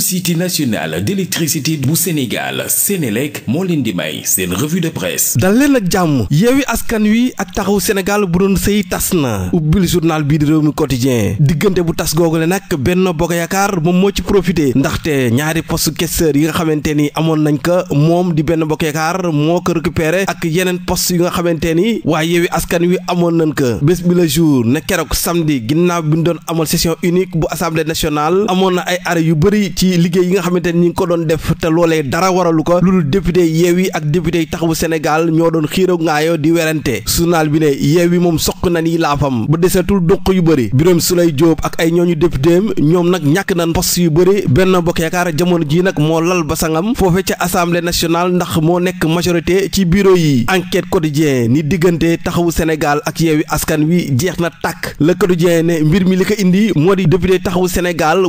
société nationale d'électricité bu moo leen di may seen revue de presse dal leen ak jàmm yeewi askan wi ak taxaw Sénégal bu doon sëy tas na ubbil journal bii di réew mi quotidien diggante bu tas googule nag benn bokk yaakaar moom moo ci profité ndaxte ñaari post questeur yi nga xamante ni amoon nañ ko moom di benn bokk yaakaar moo ko récupéré ak yeneen post yi nga xamante ni waaye yeewi askan wi amoon nañ ko bés bi la jour na keroog samedi ginnaaw bi ñu doon amal session unique bu assemblée nationale amoon na ay arrêt ci liggéey yi nga xamante ni ñi ngi ko doon def te loolee dara waralu ko lu dul député Yewwi ak député Taxawu Sénégal ñoo doon xiiroo ngaayoo di werante journal bi ne yi moom soq na ni laafam ba deseetul doq yu bëri Birame Souleye Diop ak ay ñooñu députéem ñoom nag ñàkk na poste yu bëri benn Bokk Yaakaar jamono ji nag moo lal basangam foofe ca assemblée national ndax moo nekk majorité ci bureau yi enquête quotidien ni diggante Taxawu Sénégal ak Yewwi Askan Wi jeex na tàkk le quotidien ne mbir mi li ko indi moo di député Taxawu Sénégal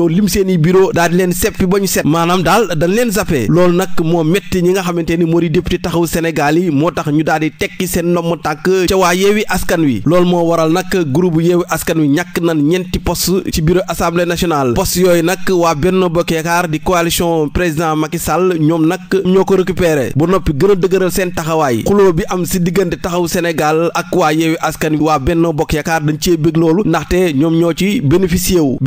ñëw lim seen i bureau leen seppi ba ñu set maanaam daal dañ leen zappé loolu nag moo métti ñi nga xamante ni moo di député taxaw Sénégal yi moo tax ñu daal di tekki seen ndomm tànk ca waa yeewi askan wi loolu moo waral nag groupe yeewi askan wi ñàkk nan ñeenti post ci bureau assemblée national poste yooyu nag waa benn Bokk Yaakaar di coalition président Macky Sall ñoom nag ñoo ko récupéré ba noppi gën dëgëral seen taxawaay xuloo bi am si diggante taxaw Sénégal ak waa yeewi askan wi waa Benno Bokk Yaakaar dañ cee bëgg loolu ndaxte ñoom ñoo ci bénéficié wu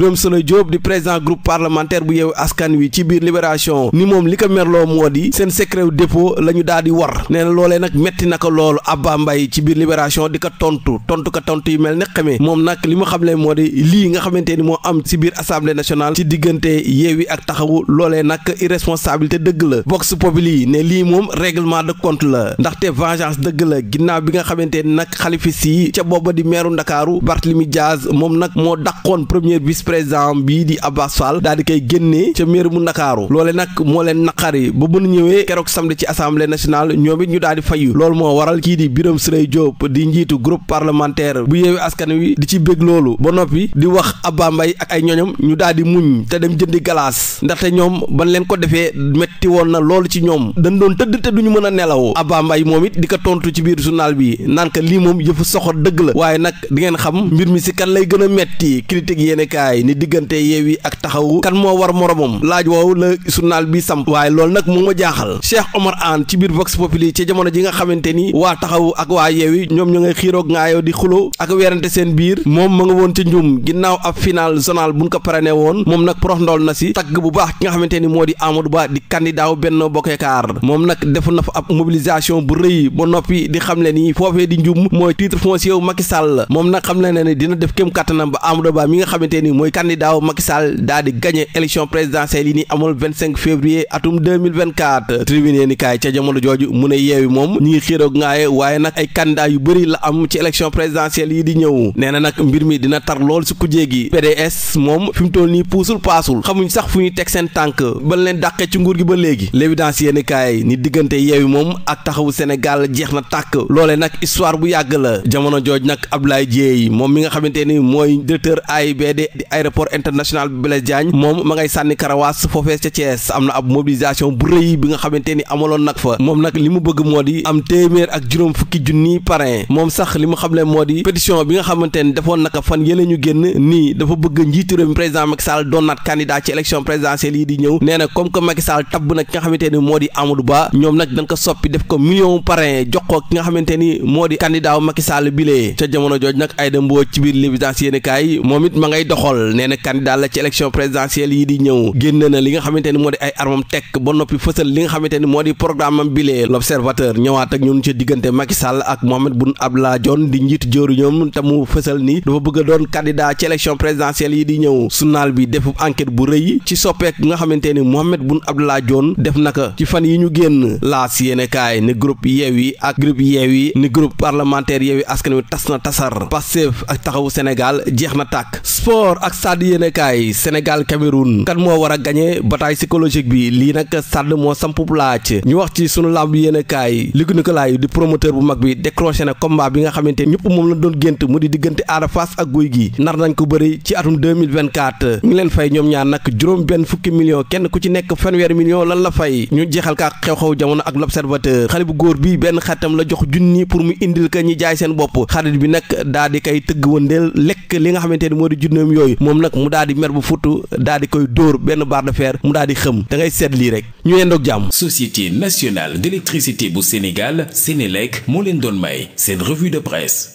président groupe parlementaire bu yeewu askan wi ci biir libération ni moom li ko merloo moo di seen secret dépôt la ñu daal di war nee na loolee nag metti na ko loolu Abba Mbaye ci biir libération di ko tontu tontu ko tontu yu mel ne xamee moom nag li mu xamle moo di lii nga xamante ni moo am ci biir assemblée nationale ci diggante yeewi ak taxawu loolee nag irresponsabilité dëgg la vox populi ne lii moom règlement de compte la ndaxte vengeance dëgg la ginnaaw bi nga xamante ni nag xalifis yi ca booba di meeru Ndakaaru Barthélemy Diaz moom nag moo dàqoon premier vice Abbas Fall daal di koy génnee ca mairie bu Ndakaaru loole nag moo leen naqari ba bën ñëwee keroog samedi ci assemblée nationale ñoom it ñu daal di fayu loolu moo waral kii di Birame Souleye Diop di njiitu groupe parlementaire bu yeewi askan wi di ci bég loolu ba noppi di wax Abba ak ay ñoñom ñu daal muñ te dem jëndi galaas ndaxte ñoom ban ko defee metti woon na loolu ci ñoom dañ doon tëdd te duñu mën a nelaw Abba moom it di ko tontu ci biir journal bi naan ka lii moom yëfu soxor la waaye nag di ngeen xam mbir mi si kan lay gën a metti ak taxawu kan moo war moromam laaj woowu la journal bi samp waaye loolu nag mu ma jaaxal Cheikh Omar Anne ci biir Vox Populi ci jamono ji nga xamante ni waa taxawu ak waa yeewi ñoom ñu ngay xiiroog ngaayoo di xulo ak werante seen biir moom ma nga woon ca njum ginnaaw ab final bu buñ ko parene woon moom nag prox ndool na si tagg bu baax ki nga xamante ni moo di Amadou Ba di candidat wu Benno Bokk Yaakaar moom nag def na fa ab mobilisation bu rëy ba noppi di xam le ni foofee di njum mooy titre foncier wu Macky moom nag xam le ne ni dina def kattanam ba Amadou Ba nga xamante ni mooy candidat wu Macky Sall Sall daal di gagné élection présidentielle yi ni amul 25 février atum 2024 tribune yéen i kaay ca jamono jooju mu ne yeewi moom ñi ngi xiiroog ngaaye waaye nag ay candidat yu bëri la am ci élection présidentielle yi di ñëw nee na nag mbir mi dina tar lool si kujjee gi PDS moom fi mu toll nii puusul paasul xamuñ sax fu ñu teg seen tànk bañ leen dàqee ci nguur gi ba léegi l'évidence yéen i kaay ni diggante yeewi moom ak taxawu Sénégal jeex na tàkk loole nag histoire bu yàgg la jamono jooj nag Abdoulaye Dieye moom mi nga xamante ni mooy directeur AIBD di aéroport international Blaise Diagne moom ma ngay sànni karawaas foofee ca Thiès am na ab mobilisation bu rëy bi nga xamante ni amaloon nag fa moom nag li mu bëgg moo di am téeméer ak juróom fukki junni parrain moom sax li mu xam moo di pétition bi nga xamante defoon naka fan yële ñu génn nii dafa bëgg njiitu président Macky doon naat candidat ci élection présidentielle yi di ñëw nee na comme que Macky na ki nga xamante moo di Amadou Ba ñoom nag dañ ko élection présidentielle yi di ñëw génn na li nga xamante ni moo di ay armam tekk ba noppi fësal li nga xamante ni moo di programme am bilee l'observateur ñëwaat ak ñun ci diggante Macky Sall ak Mohamed Boun Abdallah Dionne di njiit jóoru ñoom te fësal ni dafa bëgg a doon candidat ci élection présidentielle yi di ñëw journal bi def enquête bu rëy ci soppeek nga xamante ni Mohamed Boun Abdallah Dionne def naka ci fan yi ñu génn laas yéene kaay ni groupe Yewwi ak groupe Yewwi ni groupe parlementaire Yewwi Askan Wi tas na jeex na tàkk Sénégal Cameroun kan moo war a gagné bataille psychologique bi lii nag Sàdd moo sampu laaj ñu wax ci sunu làmb yéen kaay Luc Nicolaï di promoteur bu mag bi décroché na combat bi nga xamante ñëpp moom la doon gént mu di diggante Ada Fass ak Gouye Gui nar nañ ko bëri ci atum 2024 ñu ngi leen fay ñoom ñaar nag juróom benn fukki million kenn ku ci nekk fanweeri million lan la fay ñu jeexal kaa xew-xew jamono ak l'observateur xale bu góor bi benn xaritam la jox junni pour m indil ka jaay seen bopp xarit bi nag daa di kay tëgg wëndeel lekk li nga xamante ni moo di junneem yooyu moom nag mu di mer bu futu daal di koy dóor benn barre de fer mu daal di xëm da ngay seet lii rek ñu yendoog jàmm. Société nationale d'électricité bu Sénégal Sénélec moo leen doon may seen revue de presse.